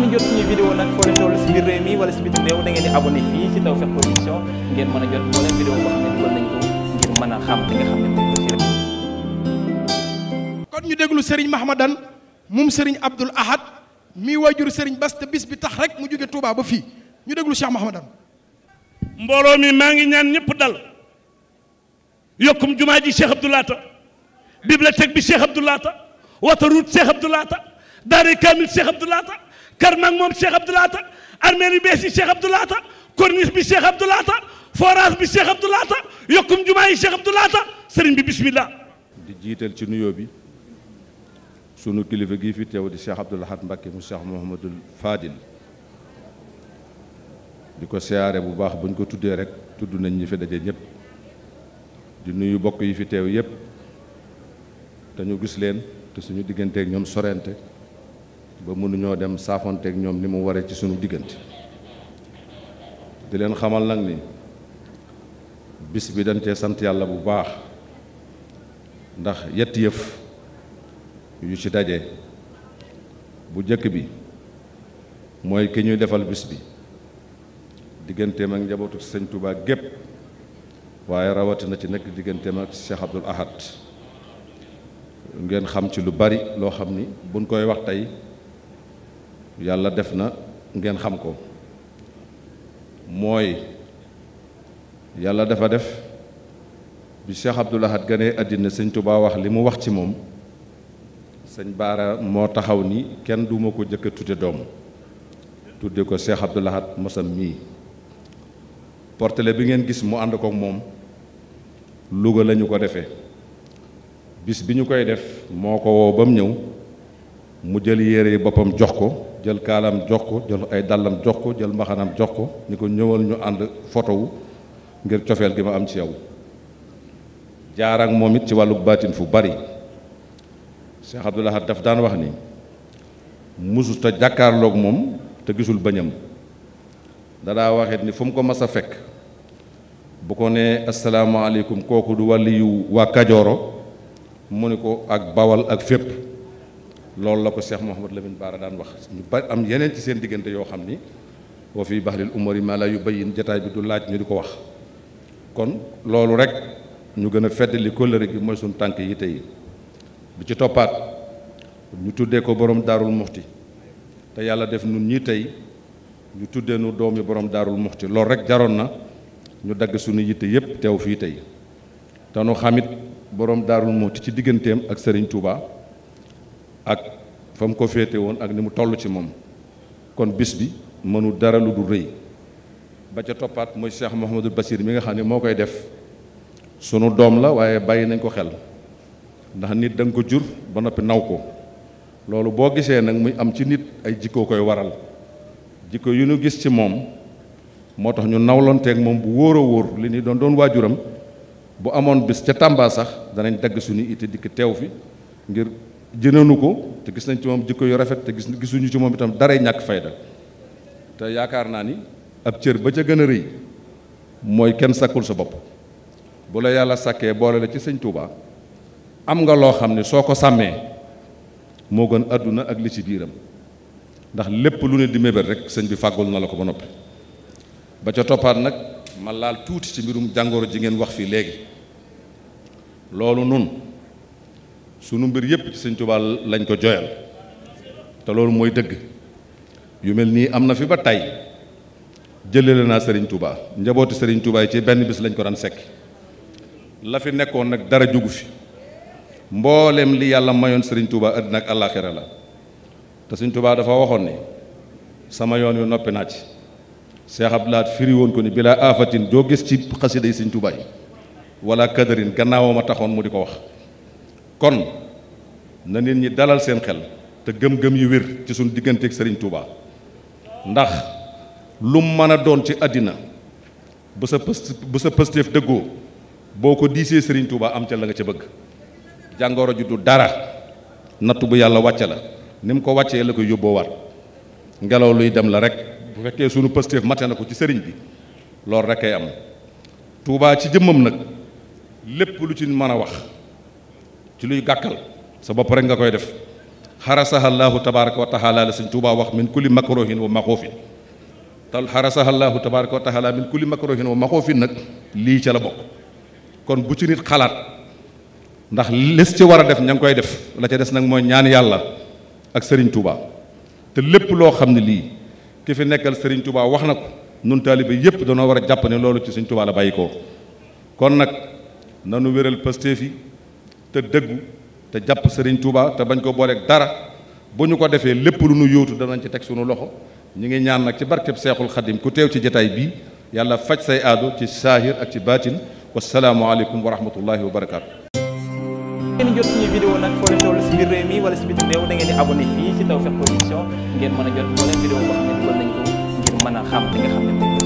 ngeen jot suñu ko a xam kon ñu déglu Serigne Mahmadan moom sëriñ Abdoul Ahad mi wajur sëriñ Bass te bis bi tax rek mu jóge Touba ba fii ñu déglu Cheikh Mahmadan mbooloo mi maa ngi ñaan ñëpp dal yokkum jumaa ji Cheikh Abdoul Ahad bi Cheikh Abdoul Ahad wata route Cheikh kaamil Cheikh Abdoul kër mag moom Cheikh Abdou Lahata armée yu bees yi Cheikh Abdou Lahata corniche bi Cheikh Abdou Lahata forage bi Cheikh Abdou Lahata yokkum jumaa yi Cheikh Abdou Lahata sëriñ bi bismillah di jiital ci nuyoo bi sunu kilifa gii fi teew di Cheikh Abdou Lahad Mbacké mu Cheikh Mouhamadul Fadil di ko siyaare bu baax buñ ko tuddee rek tudd nañ ñi fi daje ñëpp di nuyu bokk yi fi teew yëpp te gis leen te suñu digganteek ñoom sorente ba mënuñoo dem saafonteeg ñoom ni mu waree ci sunu diggante di leen xamal nag ni bis bi dañ cee sant yàlla bu baax ndax yett yëf yu ci daje bu jëkk bi mooy ki ñuy defal bis bi digganteem ak njabootu sëñ Touba gépp waaye rawatina ci nekk digganteem ak Cheikh Abdoul Ahad ngeen xam ci lu bari loo xam ni buñ koy wax tey yàlla def na ngeen xam ko mooy yàlla dafa def bi Cheikh Abdoul Ahad ganee àddina sëñ Touba wax li mu wax ci moom sëñ Baara moo taxaw ni kenn duma ko jëkk a doom tudde ko Cheikh Abdoul Ahad mosam mii portele bi ngeen gis mu ànd ko moom Louga lañu ko defee bis bi ñu koy def moo ko woo ba mu ñëw mu jël yére yi boppam jox ko jël kaalam jox ko jël ay dàllam jox ko jël mbaxanam jox ko ni ko ñëwal ñu ànd photo ngir cofeel gi ma am ci yow jaar ak moom it ci wàllu baatin fu bari Cheikh Abdou Lahad daan wax ni musu te jàkkaarloog moom te gisul bëñam danaa waxit ni fu mu ko mas a fekk bu ko nee asalaamaaleykum kooku du wàlli yu waa Kajooro mu ni ko ak Bawal ak fépp loolu la ko Cheikh Mouhamad Lamine Baara daan wax ñu ba am yeneen ci seen diggante yoo xam ni boo fi baxlil umari maa la yu bayin jataay bi du laaj ñu di ko wax kon loolu rek ñu gën a feddali kóllëre gi mooy suñu tànk yi tey bi ci toppaat ñu tuddee ko borom daarul muxti te yàlla def nun ñii tey ñu tuddee nu doomi boroom daarul muxti loolu rek jaroon na ñu dagg suñu yitte yépp teew fii tey te nu xamit boroom daarul muxti ci digganteem ak Serigne Touba. ak fa mu ko féete woon ak ni mu toll ci moom kon bis bi mënul dara lu dul rëy ba ca toppaat mooy Cheikh Mouhamadul Basir mi nga xam ne moo koy def sunu doom la waaye bàyyi nañ ko xel ndax nit danga ko jur ba noppi naw ko loolu boo gisee nag muy am ci nit ay jikkoo koy waral jikko yu ñu gis ci moom moo tax ñu nawlonteeg moom bu wóor a wóor li ni doon doon waajuram bu amoon bis ca Tàmba sax danañ dagg suñu ite dikk teew fi ngir jënoonu ko te gis nañ ci moom jikko yu rafet te gis gisuñu ci moom itam daray ñàkk faydal te yaakaar naa ni ab cër ba ca gën a rëy mooy kenn sakkul sa bopp bu la yàlla sakkee boole la ci sëñ Touba am nga loo xam ne soo ko sàmmee moo gën àdduna ak li ci biiram ndax lépp lu ne di mébét rek sëñ bi fàggul na la ko ba noppi ba ca toppaat nag ma laal tuuti ci mbirum jàngoro ji ngeen wax fii léegi loolu nun sunu mbir yëpp ci sëñ Tuubaa lañ ko joyal te loolu mooy dëgg yu mel nii am na fi ba tey jëlale naa sëriñ Tuubaa njabooti sëriñ Tuubaa yi ci benn bis lañ ko daan sekk la fi nekkoon nag dara jugu fi mboolem li yàlla mayoon sëriñ Tuubaa àddina ak àllaaxira la te sëriñ Tuubaa dafa waxoon ni sama yoon yu noppi naa ci Seex laat Lahat woon ko ni bilaa afatin doo gis ci xasida yi sëriñ Tuubaa yi wala kadarin gannaawam taxoon mu di ko wax kon na nit ñi dalal seen xel te gëm-gëm yu wér ci suñu digganteek sëriñ Touba ndax lu mën a doon ci àddina bu sa pës bu sa pësteef dëggoo boo ko diisee sëriñ Touba am ca la nga ca bëgg jàngoro ju du dara nattu bu yàlla wàcce la ni mu ko wàccee la koy yóbboowaat ngelaw luy dem la rek bu fekkee sunu pësteef mate na ko ci sëriñ bi loolu rek ay am Touba ci jëmmam nag lépp lu ci mën a wax. ci luy gàkkal sa bopp rek nga koy def xarasaha llaahu tabaraka wa taala la sëñ Tuubaa wax min kulli makrohin wa maxoofin tal xarasaha llaahu tabaraka wa taala min kulli makrohin wa maxoofin nag lii ca la bokk kon bu ci nit xalaat ndax les ci war a def ña ngi koy def la ca des nag mooy ñaan yàlla ak sëriñ Tuubaa te lépp loo xam ne lii ki fi nekkal sëriñ Tuubaa wax na ko nun taalibe yépp danoo war a jàpp ne loolu ci sëriñ Tuubaa la bàyyi ko kon nag nanu wéral pastéef yi te dëggu te jàpp sëriñ Touba te bañ ko booleeg dara bu ñu ko defee lépp lu nu yóotu danañ ci teg suñu loxo ñu ngi ñaan nag ci barkeb Seexul Xadim ku teew ci jataay bii yàlla faj say aado ci saahir ak ci baatin wasalaamualeykum wa rahmatullahi wa barakaatu. si biir réew mi wala si bitim réew da ngeen di abonné ngeen mën a jot moo leen vidéo boo xam ne mën a xam li nga xam